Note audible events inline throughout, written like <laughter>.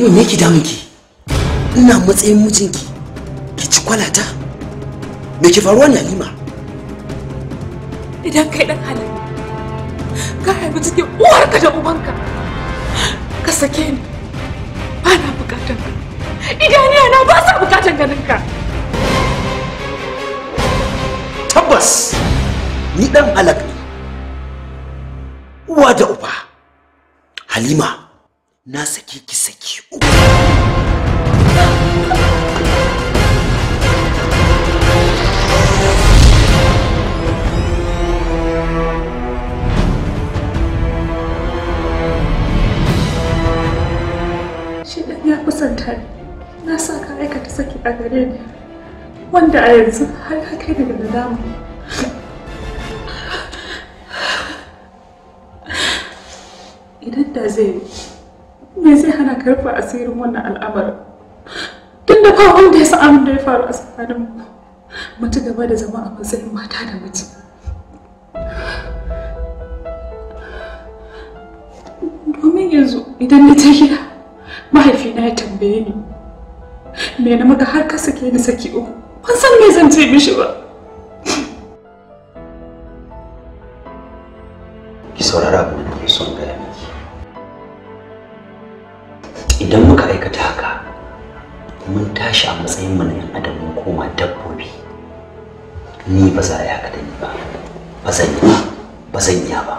ne me yake damun ki? Ina matsayin mijinki. Ki ci kwalata. Me ke faruwa ne Halima? Idan kai dan halin ka haifi cikin uwarka da ubanka ka sake ni ba na bukatar ka idaniya na ba sa bukatar ganin ka tabbas ni dan halak ne uwa da uba halima na saki ki saki uku ya kusanta na sa ka aikata saki a gare ni wanda a yanzu har ka kai daga nadama idan da zai yi me zai hana ka asirin wannan al'amarin tun da ba wanda ya sa abin da ya faru a tsakanin mu ci gaba da zama a matsayin mata da miji domin yanzu idan na ta gida mahaifina ya tambaye ni me na muka har ka sake ni saki uku ban san me zan ce mishi ba mun tashi a matsayin mu na adam mun koma dabbobi ni ba za a yi da ni ba ba zan yi ba ba zan iya ba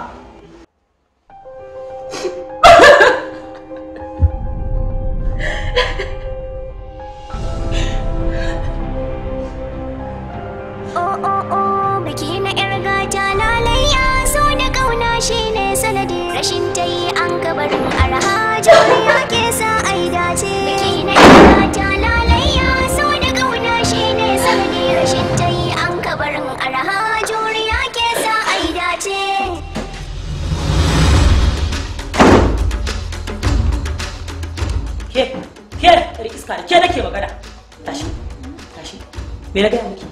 me na gaya miki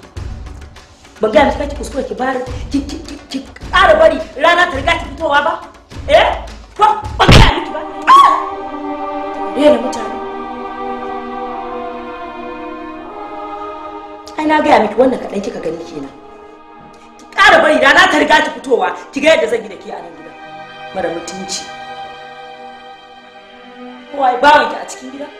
ba gaya miki ki kuskure ki bari ki ki ki ƙara bari rana ta riga ta fitowa ba eh ko ban gaya miki ba rena mutane ai na gaya miki wannan kaɗai kika gani kenan ki ƙara bari rana ta riga ta fitowa ki ga yadda zan yi da ke a nan gida mara mutunci kowa ya bawanki a cikin gida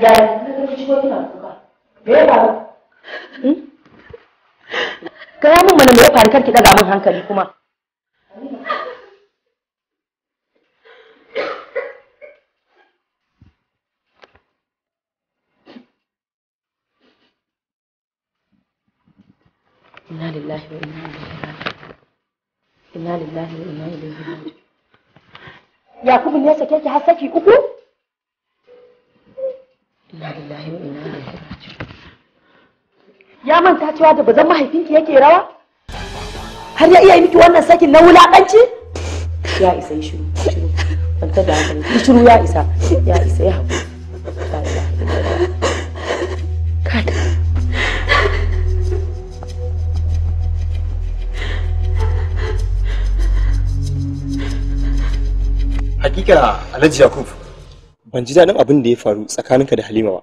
da na ga shigo kina kuka me ya faru gaya min mana me ya faru karki daga min hankali kuma ina lillahi wa inna ilaihi raji'un inna wa yakubu ne sake ki har saki uku manta cewa da bazan mahaifinki yake rawa har ya iya yi miki wannan sakin na wulakanci ya isa yi shiru shiru da hankali shiru ya isa ya isa ya haku hakika alhaji yakub ban ji daɗin abin da ya faru tsakaninka da halima ba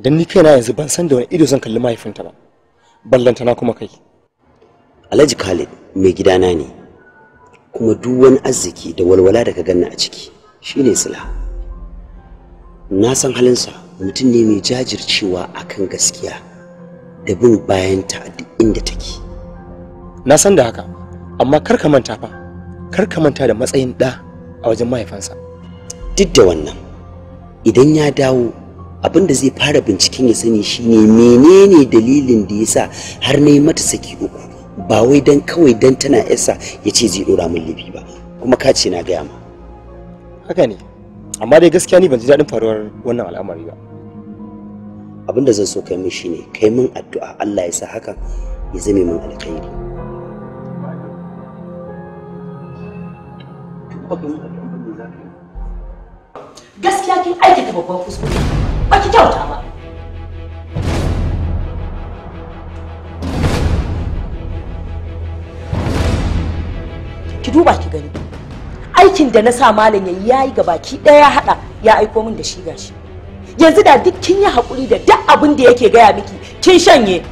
dan ni kaina yanzu ban san da wani ido zan kalli mahaifinta ba ballanta na kuma kai alhaji khalid mai gidana ne kuma duk wani arziki da walwala da ka ganna a ciki shine sila na san halinsa mutum ne mai jajircewa akan gaskiya da bin bayanta a duk inda take na san da haka amma kar ka manta fa kar ka manta da matsayin ɗa a wajen mahaifinsa. duk da wannan idan ya dawo abin da zai fara binciken ya sani shine menene dalilin da yasa har na yi mata saki uku ba wai dan kawai dan tana yasa ya ce zai dora min libi ba kuma ka ce na gaya ma haka ne amma dai gaskiya ni ban ji daɗin faruwar wannan al'amari ba abin da zan so kai min shine kai min addu'a Allah ya sa haka ya zame min alkhairi gaskiya kin aikata babban kuskure ba ki kyauta ba ki duba ki gani aikin da na sa malam yayi yayi gabaki ɗaya ya haɗa ya aiko min da shi gashi yanzu da duk kin yi hakuri da duk abin da yake gaya miki kin shanye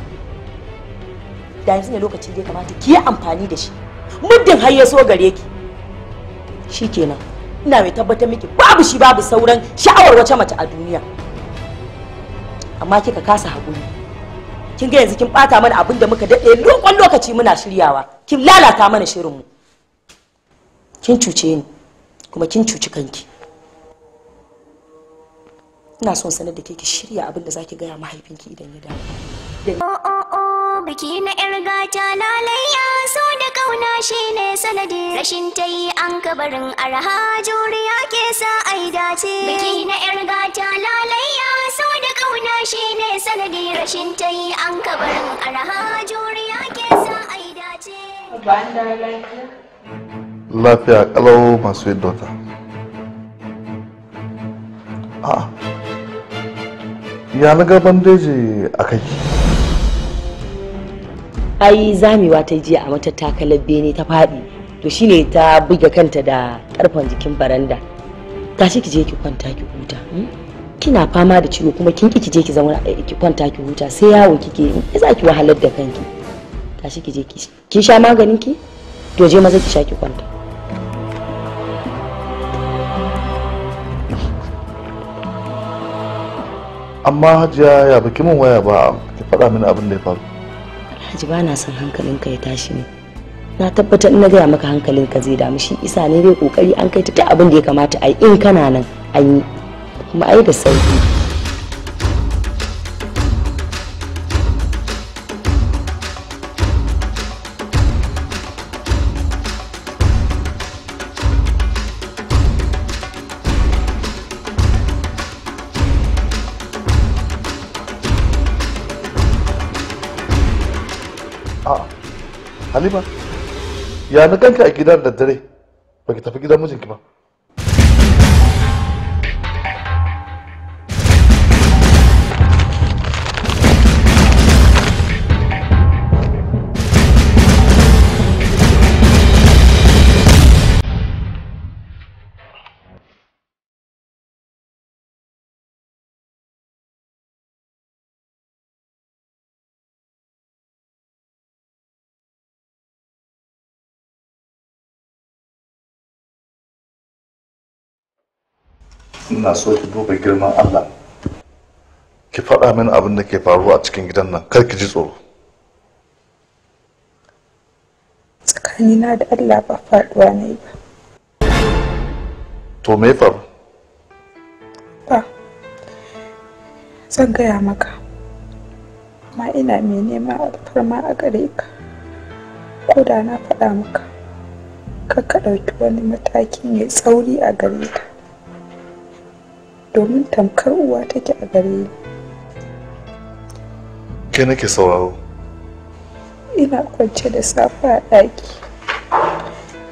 da yanzu ne lokacin da ya kamata ki yi amfani da shi muddin har ya so gare ki shi kenan ina mai tabbatar miki babu shi babu sauran sha'awar wace mace a duniya amma kika kasa haƙuri kin ga yanzu kin ɓata mana abin da muka daɗe lokon lokaci muna shiryawa kin lalata mana shirinmu kin cuce ni kuma kin cuci kanki ina son sanar da ke ki shirya abin da zaki gaya mahaifinki idan ya dawo oh, oh, oh, biki na 'yar gata na so kauna shine sanadi rashin ta yi an kabarin arha juriya ke sa ai dace biki na yar gata lalayya so da kauna shine sanadi rashin ta yi an kabarin arha juriya ke sa ai dace lafiya kalau masu yadda wata a ya na gaban deji a kai ai zamewa ta jiya a mata takalar bene ta faɗi to shine ta buga kanta da karfan jikin baranda tashi ki je ki kwanta ki huta hmm? kina fama da ciwo kuma kin ki je ki zama eh, ki kwanta ki huta sai yawo kike yi za ki wahalar da kanki tashi ki je ki kin sha maganin ki to je maza ki sha ki kwanta amma hajiya ya baki min waya ba ki faɗa mini abin da ya faru haji ba na son hankalinka ya tashi ne na tabbatar na gaya maka hankalinka zai damu shi isa ne dai kokari an kai ta abin da ya kamata a in kana nan an yi kuma ai da sauki halima ya na ka a gidan da dare baki tafi gidan mijinki ba ina so ki duba girman Allah ki faɗa mini abin da ke faruwa a cikin gidan nan kar ki ji tsoro tsakanina da Allah ba faɗuwa ne ba to me faru ba zan gaya maka Ma ina mai nema alfarma a gare ka ko da na faɗa maka ka ɗauki wani mataki mai tsauri a gare ka domin tamkar uwa take a gare ni ke nake sauraro ina kwance da safa a ɗaki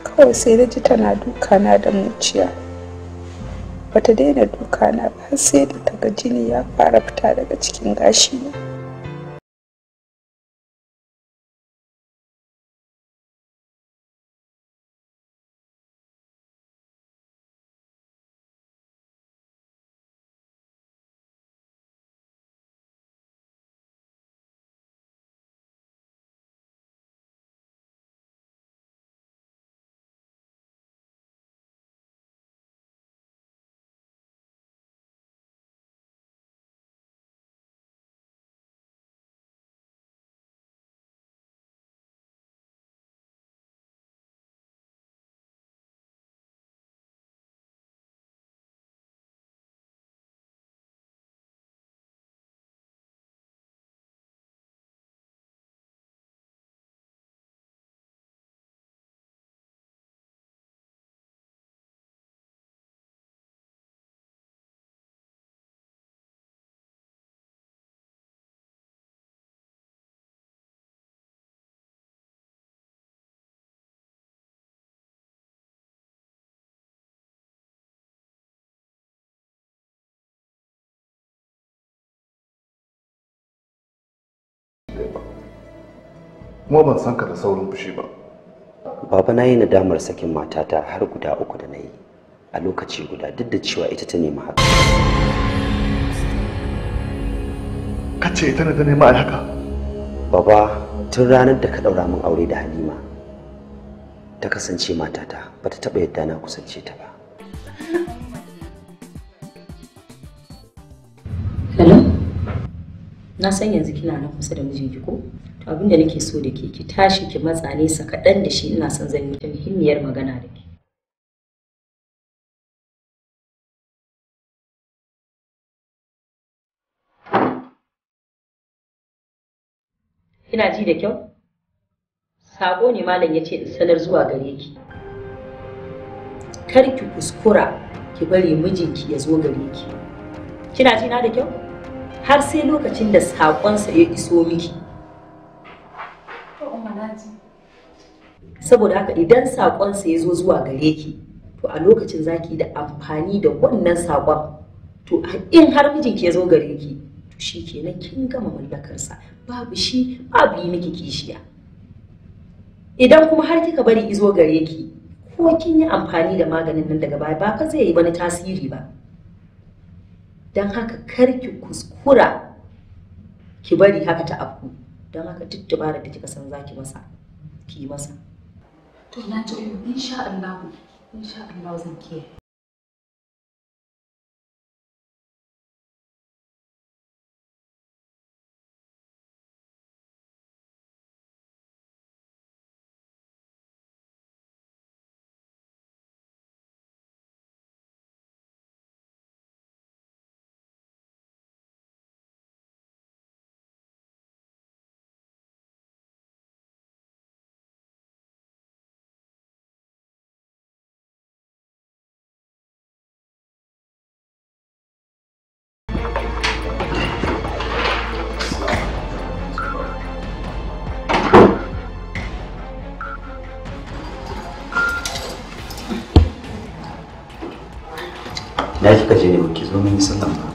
kawai sai na ji tana dukana da muciya bata daina dukana ba sai da ta ga jini ya fara fita daga cikin gashi na kuma ban san ka da saurin fushi ba baba na yi nadamar sakin matata har guda uku da na yi a lokaci guda duk da cewa ita ta nemi haka ka ce ita ne ta nemi haka baba tun ranar da ka ɗaura min aure da halima ta kasance matata ba ta taɓa yadda na kusance ta ba na san yanzu kina nan kusa da mijinki ko to abin da nake so da ke ki tashi ki matsa nesa kaɗan da shi ina son zan yi ta muhimmiyar magana da ke kina ji da kyau sako ne malam ya ce in sanar zuwa gare ki kar ki kuskura ki bari mijinki ya zo gare ki kina ji na da kyau har sai lokacin da saƙonsa ya iso miki. Saboda haka idan saƙonsa ya zo zuwa gare ki, to a lokacin za ki da amfani da wannan sakon To in har mijinki ya zo gare ki, to shi kenan kin gama mallakarsa, babu shi babu yi miki kishiya. Idan kuma har kika bari izo gare ki, ko kin yi amfani da maganin nan daga baya ba fa zai yi wani tasiri ba. don haka kar ki kuskura ki bari haka ta afku don haka duk ba da kika san zaki masa ki masa to na ji insha Allah insha Allah zan kiyaye ya kika je ne ki zo mun yi sallan ba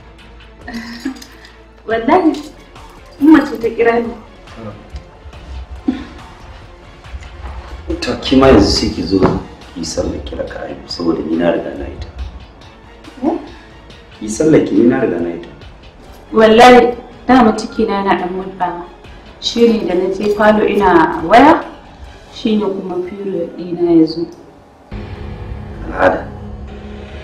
<laughs> wallahi in mace ta kira ni to ki ma yanzu sai ki zo ki sallan kira ka ai saboda ni na riga na ita eh? ki sallan ki ni na riga na ita wallahi dama ciki na yana da mutba shi da na je falo ina waya shine kuma period ɗina ya al'ada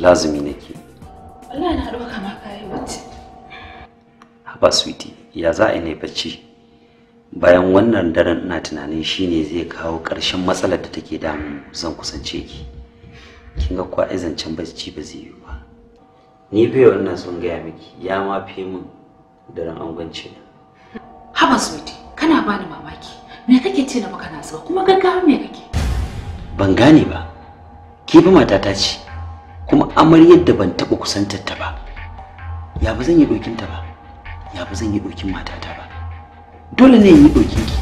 lazumi nake Allah na ɗauka ma kayi bacci haba sweetie ya za a yi bacci bayan wannan daren ina tunanin shine zai kawo ƙarshen matsalar da take damu zan kusance ki kin ga kwa zancen bacci ba zai yi ba ni bai wannan sun gaya miki ya ma fi min daren angwanci haba sweetie kana bani mamaki me kake ce na maka na zuwa kuma gaggawa me kake ban gane ba ki fi matata ce kuma amaryar da ban taɓa kusantar ta ba ya ba zan yi ɗokin ta ba ya ba zan yi ɗokin matata ba dole ne yi ɗokin ki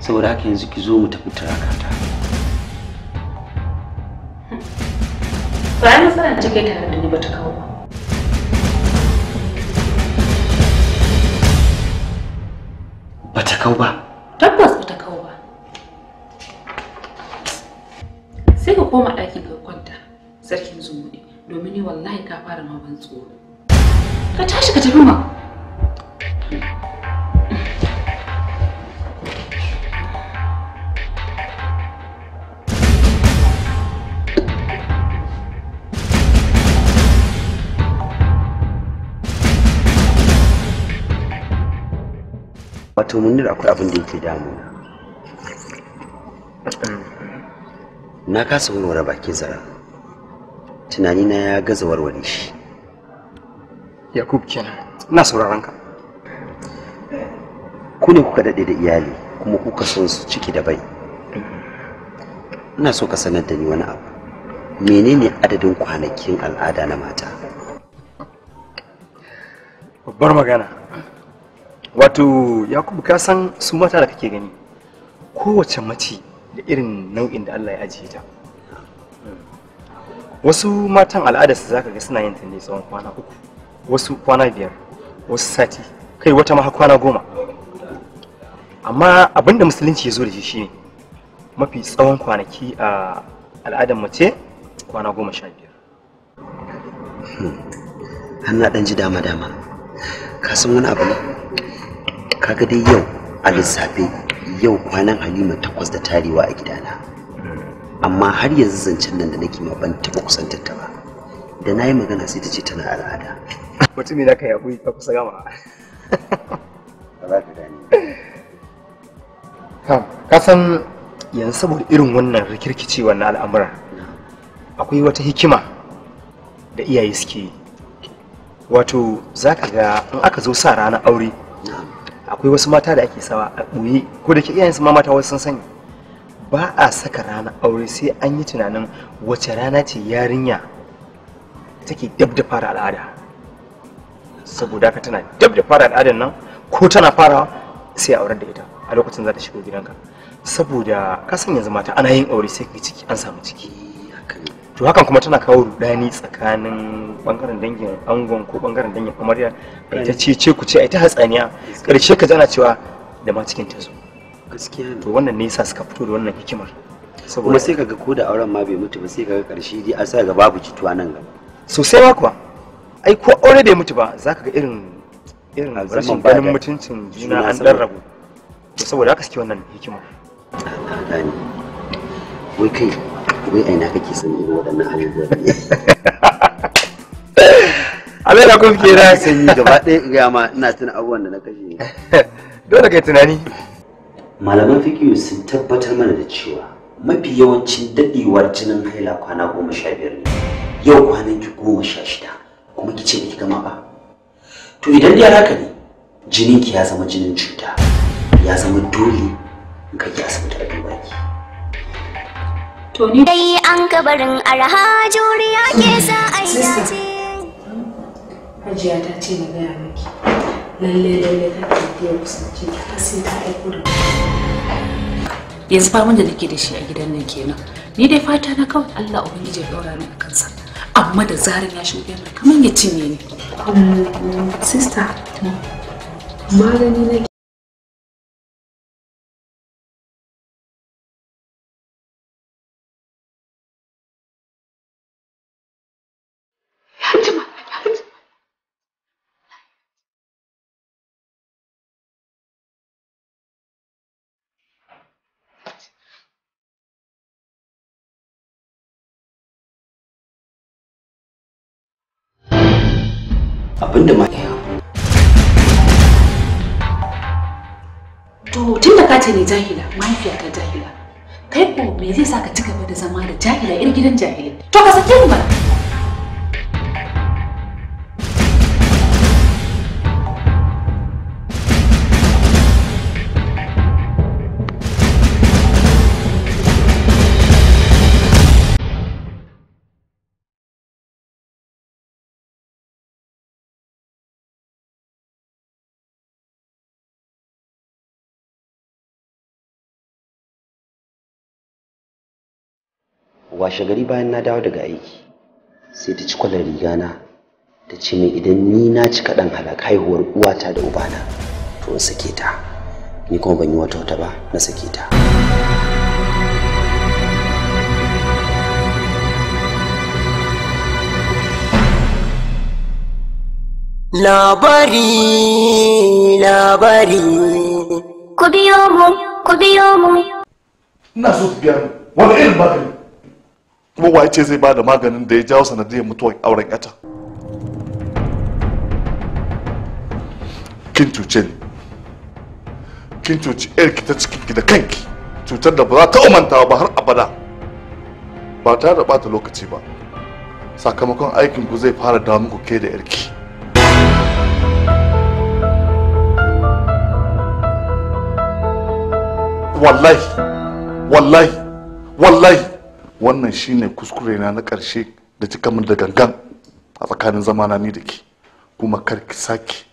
saboda haka yanzu ki zo mu tafi ta. bayan matsalar da kai tare da ni ba ta kawo ba ba ta kawo ba tabbas ba ta kawo ba sai ka koma ɗakin ka sarkin zumuɗi domin ni wallahi ka fara ma ban tsoro ka tashi ka tafi ma wato munir akwai abin da yake damuna na kasa wurware bakin zara tunanina ya gaza warware shi yakub kenan ina sauraron ka ku ne kuka daɗe da iyali kuma kuka son su ciki da bai ina so ka sanar da ni wani abu menene adadin kwanakin al'ada na mata babbar magana wato yakubu ka san su mata da kake gani kowace mace da irin nau'in da allah ya ajiye ta wasu matan al'ada su zaka ga suna yin ta ne tsawon kwana uku wasu kwana biyar wasu sati kai wata ma kwana goma amma abinda musulunci ya zo da shi shine mafi tsawon kwanaki a al'adar mace kwana goma sha biyar hmm. an na dan ji dama dama ka san wani abu ne kaga dai yau a lissafe yau kwanan halima takwas da tarewa a gidana amma har yanzu zancen nan da nake ma ban taɓa kusantar ta ba da na yi magana sai ta ce tana al'ada mutumi na kai akwai ta kusa gama ka ka san yanzu saboda irin wannan rikirkicewa na al'amura akwai wata hikima da iyaye suke yi wato za ka ga in aka zo sa ranar aure akwai wasu mata da ake sawa a ɓoye ko da ke iyayen ma mata wasu sun sani ba a saka rana aure sai an yi tunanin wace rana ce yarinya take dab da fara al'ada saboda ka tana dab da fara al'adar nan ko tana fara sai aurar da ita a lokacin za ta shigo gidanka saboda ka san yanzu mata ana yin aure sai ka ciki an samu ciki to hakan kuma tana kawo rudani tsakanin bangaren dangin angon ko bangaren dangin amarya ita ce ce ku ce ita hatsaniya karshe ka jana cewa da ma cikin ta zo gaskiya to wannan ne yasa suka fito da wannan hikimar kuma sai kaga ko da auren ma bai mutu ba sai kaga karshe dai an sa ga babu jituwa nan gaba sosai ba kuwa ai ko aure bai mutu ba zaka ga irin irin rashin ganin mutuncin juna an dan rabu to saboda haka suke wannan hikimar dani wai kai wai aina kake son irin waɗannan abubuwa <laughs> abin da kuke na sanyi gaba ɗaya ga ma ina tuna abubuwan da na kashe <laughs> dole kai tunani malaman fikiyu sun tabbatar mana da cewa mafi yawancin dadewar jinin haila kwana goma sha biyar ne yau kwana ki goma sha shida kuma ki ce ki gama ba to idan dai haka ne jinin ki ya zama jinin cuta ya zama dole in kai ki asibiti a duba ki to ni dai an kabarin arha juriya ke sa ayyace hajiya ta ce na gaya miki lalle lalle ta tafi da yanzu faman da nake da shi a gidan nan kenan ni dai fata na kawai Allah ubangiji ya daura ni a kansa amma da zarin ya shigo yana kamar ya cinye ni sister magani nake abinda ma to tun da ka ce ne jahila mahaifiya ta jahila kai ko me zai sa ka ci gaba da zama da jahila irin gidan jahilai to ka sake ni ba washe gari bayan na dawo daga aiki sai ta ci kwalar rigana ta ce mai idan ni na ci kaɗan halak haihuwar uwata da ubana to in sake ta ni kuma ban yi wata wata ba na sake ta labari labari ku biyo mu ku biyo mu ina so ku biya mu wani irin magani kuma waye ce zai bada maganin da ya jawo sanadiyar mutuwar auren yata kin cuce ni kin cuci yarki ta cikin da kanki cutar da ba za ta umanta ba har abada ba tare da bata lokaci ba sakamakon aikinku zai fara damu muku ke da yarki wallahi wallahi wallahi wannan shine kuskure na na ƙarshe da cika min da gangan a tsakanin zamana ni da ke kuma kar ki sake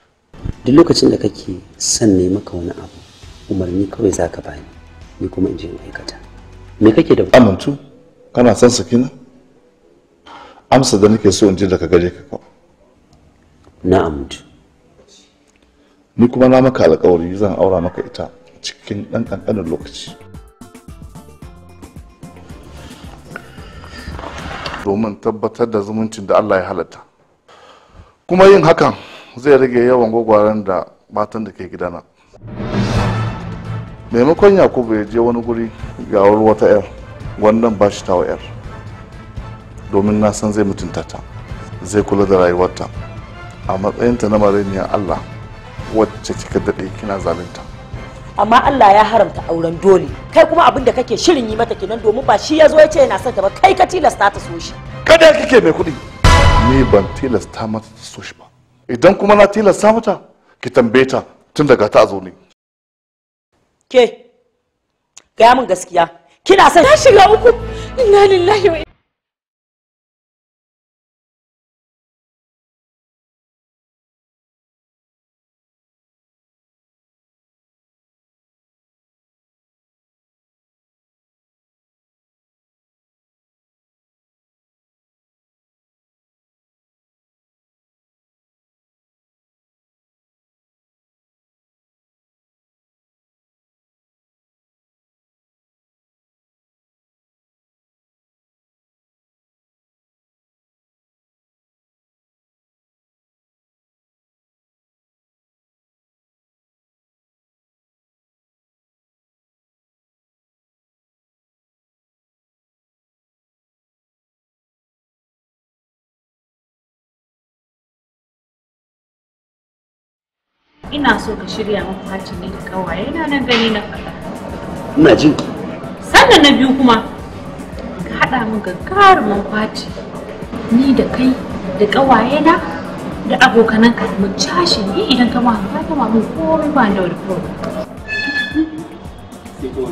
duk lokacin da kake son ne maka wani abu umarni kawai za ka bani ni kuma in je in aikata me kake da amintu kana son kina amsa da nake so in ji daga gare ka na amintu ni kuma na maka alkawari zan aura maka ita cikin ɗan ƙanƙanin lokaci domin tabbatar da zumuncin da Allah ya halatta kuma yin hakan zai rage yawan gwagwaren da matan da ke gidana maimakon yakubu ya je wani guri gawar wata 'yar wannan ba shi tawa 'yar domin na san zai mutunta ta zai kula da rayuwarta a matsayinta na mariniyar allah wacce kika daɗe kina zalunta amma Allah ya haramta auren dole kai kuma abin da kake shirin yi mata kenan domin ba shi ya zo ya ce yana son ta ba kai ka tilasta ta so shi kada kike mai kuɗi ni ban tilasta mata ta so shi ba idan kuma na tilasta mata ki tambaye ta tun daga ta zo ne ke gaya min gaskiya kina son ta shiga uku inna lillahi wa ina so ka shirya min fati ne da kawaye na nan gani na faɗa ina jin sannan na biyu kuma ka haɗa min gagarumin fati ni da kai da kawaye na da abokanan ka mu cashe ni idan ka ma ka gama min komai ba da wani problem sai ko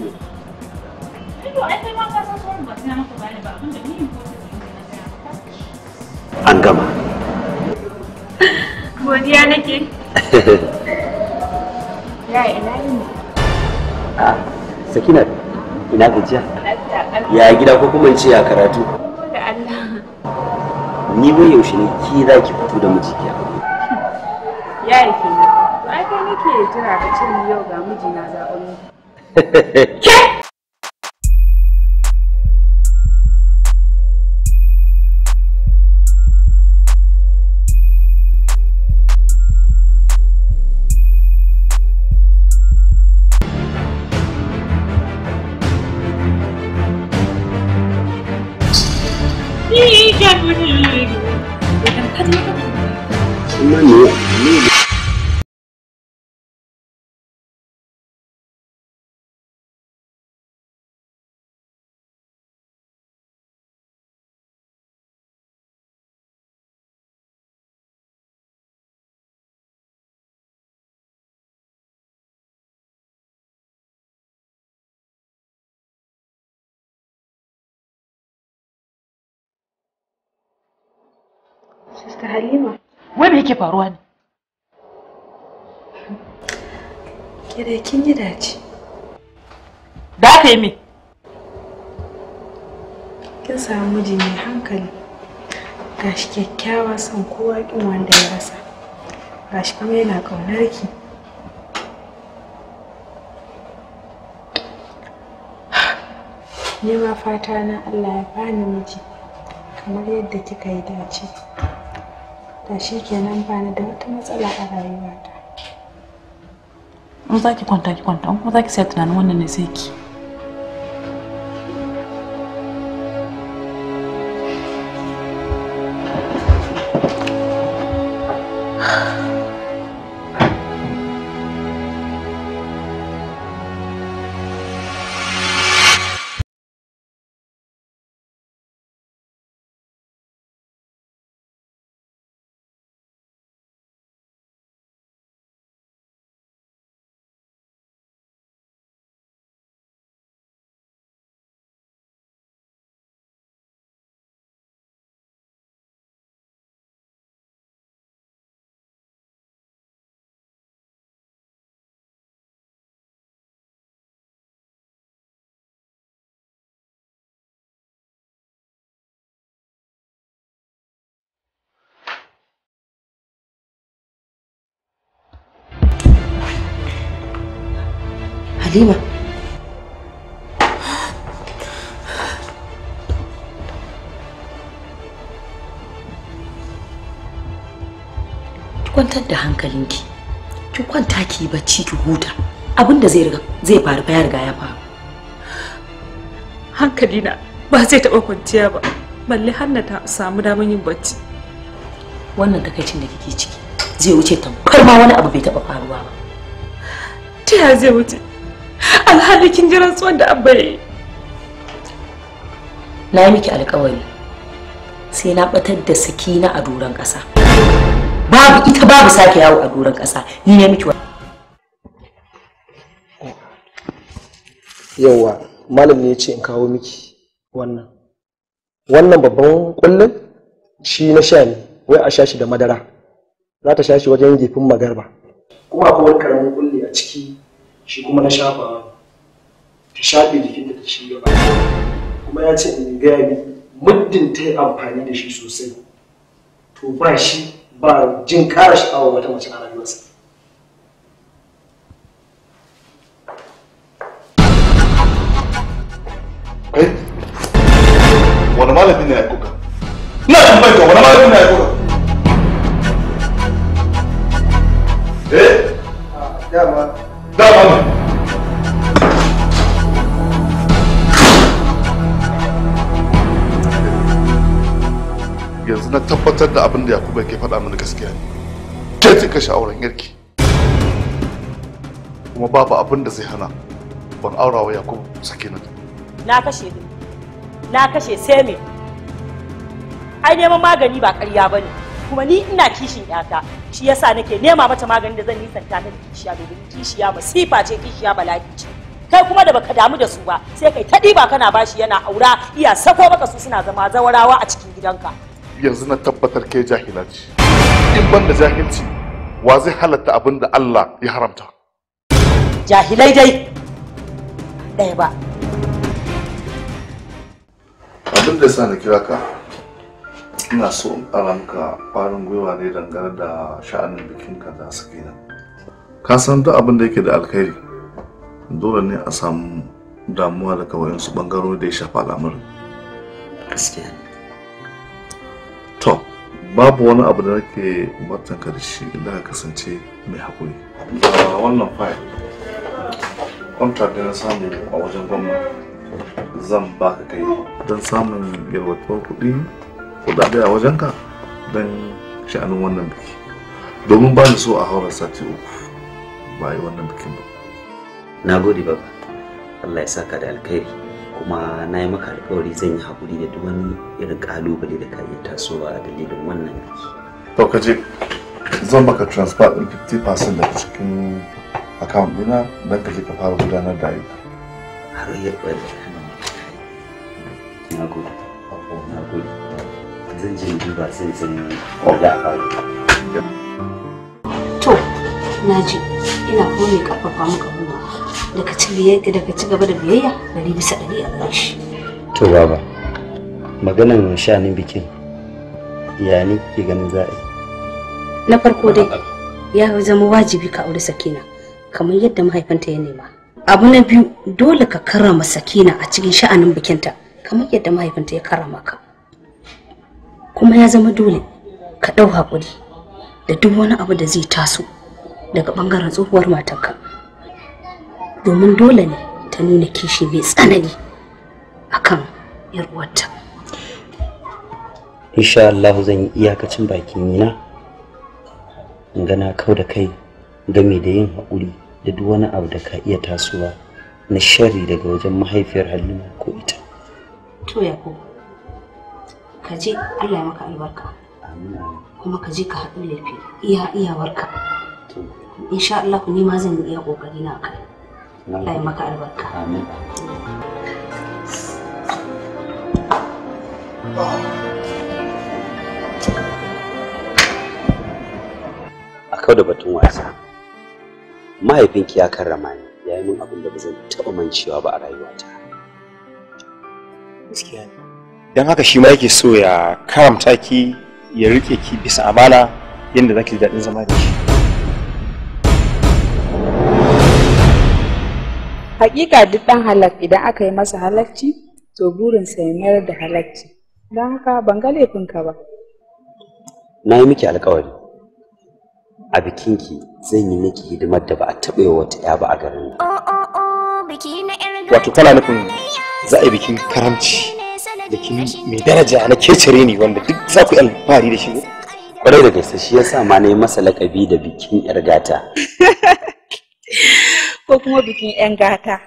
an gama godiya nake <laughs> da ina ne a sakina ina gajiya ya gida ko kuma ce ya karatu ni wai yaushe ne ki za ki fito da miji ki ya yi ke ai kai nake jira ka ce yau ga mijina zaɓen <laughs> ke Sista Halima. Wai me yake faruwa ne? Ke da kin yi dace. Da aka yi me? Kin samu miji mai hankali. shi kyakkyawa son kowa kin wanda ya rasa. shi kuma yana ƙaunar ki. Ni ma fata na Allah ya bani miji kamar yadda kika yi dace. ta shi kenan ba ni da wata matsala a rayuwata in za ki kwanta ki kwanta in kuma ki sai tunanin wannan ne sai ki Halima. Ki kwantar da hankalinki. Ki kwanta ki bacci ki huta. abinda zai riga zai faru ya riga ya faru. Hankalina ba zai taɓa kwanciya ba. Balle har na samu damar yin bacci. Wannan takaicin da kike ciki zai wuce tamkar ma wani abu bai taɓa faruwa ba. Ta zai wuce? alhali kin ji rantsuwar da abba yi na yi miki alkawari sai na batar da sakina a doron ƙasa babu ita babu sake yawo a doron ƙasa ni ne miki malam ne ya ce in kawo miki wannan wannan babban kullum shi na sha ne wai a sha shi da madara za ta sha shi wajen gefin magarba kuma akwai wani karamin kulli a ciki shi kuma na shafa ta shafe jikinta ta shi gaba kuma ya ce in gaya ni muddin ta yi amfani da shi sosai to ba shi ba jin ƙara sha'awa wata mace a rayuwarsa wani malami ne ya kuka ina tambayar ka wani malami ne ya kuka eh ah, dama dama yanzu na tabbatar da abin da yakubu ke faɗa mini gaskiya ne ke cika sha'awar yarki kuma babu abin da zai hana ban aura wa yakubu sake na na kashe ni na kashe sai me ai neman magani ba ƙarya ba ne kuma ni ina kishin yata shi yasa nake nema mata maganin da zan nisanta ta da kishiya domin kishiya masifa ce kishiya bala'i ce kai kuma da baka damu da su ba sai kai ta ɗiba kana bashi yana aura iya sako maka su suna zama zawarawa a cikin gidanka yanzu na tabbatar kai jahila ce in ban da jahilci wa zai halatta abin da Allah ya haramta jahilai dai ɗaya ba abin da sa na kira ka ina so in ƙara maka ƙwarin gwiwa ne dangane da sha'anin bikin ka da suke nan. ka san duk abin da yake da alkhairi dole ne a samu damuwa daga wayansu ɓangarori da ya shafa al'amarin gaskiya to babu wani abu da nake martanka da shi idan ka kasance mai haƙuri ah, wannan fayil kwamtar da na samu a wajen gwamna zan baka kai don samun yalwatuwar kuɗi kuɗaɗe a wajenka don sha'anin wannan biki domin ba ni so a haura sati uku ba yi wannan bikin ba na gode baba allah ya saka da alkhairi kuma na yi maka alkawari zan yi haƙuri da duk wani irin ƙalubale da ka iya tasowa a dalilin wannan biki to ka je zan baka transfer ɗin 50% daga cikin account ɗina don ka je ka fara gudanar da ayyuka har yi ɓari na gode na gode zan je duba sai san wanda a to naji ina kuma mai karfafa maka gwiwa daga ci biyayya daga ci gaba da biyayya dari bisa dari a shi to baba maganan shanin bikin ya ni ke ganin za a na farko dai ya zama wajibi ka auri sakina kamar yadda mahaifinta ya nema abu na biyu dole ka karrama sakina a cikin sha'anin bikinta kamar yadda mahaifinta ya karrama ka kuma ya zama dole ka ɗau haƙuri da duk wani abu da zai taso daga ɓangaren tsohuwar matanka domin dole ne ta nuna kishi mai tsanani akan yar uwarta insha Allah zan yi iyakacin bakin nina in gana kau da kai game da yin haƙuri da duk wani abu da ka iya tasowa na shari daga wajen mahaifiyar halima ko ita to yakubu. ka je Allah ya maka albarka kuma ka je ka haɗu laifi iya iyawarka insha Allah ku ma zan iya kokari na kai Allah ya maka albarka amin a kau da batun wasa mahaifinki ya karrama ni ya yi min abin da ba zan taɓa mancewa ba a rayuwata gaskiya ne don haka shi ma yake so ya karamta ki ya rike ki bisa amana yadda za ki ji daɗin zama da shi hakika duk ɗan halak idan aka yi masa halakci to sa ya mayar da halakci don haka ban ga laifinka ba na yi miki alkawari a bikinki zan yi miki hidimar da ba a taɓa yi wata ya ba a garin oh, oh, oh, wato tana nufin za a yi bikin karamci biki mai daraja na kecere ne wanda duk za ku yi alfahari da shi kwarai da gaske shi yasa ma na yi masa lakabi da bikin yar gata <laughs> ko kuma bikin yan gata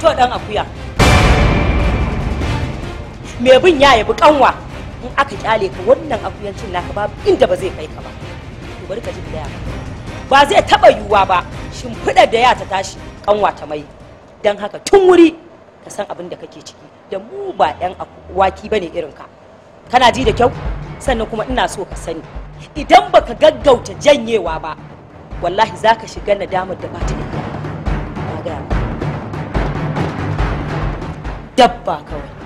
to dan akuya me bin ya yabi kanwa in aka kyale ka wannan akuyancin naka babu inda ba zai kai ka ba to bari ka ji da ba zai taba yiwuwa ba shimfiɗar da ya ta tashi kanwa ta mai dan haka tun wuri ka san abin da kake ciki da mu ba yan waki bane irin ka kana ji da kyau sannan kuma ina so ka sani idan baka gaggauta janyewa ba wallahi zaka shiga nadamar da ba ta dabba kawai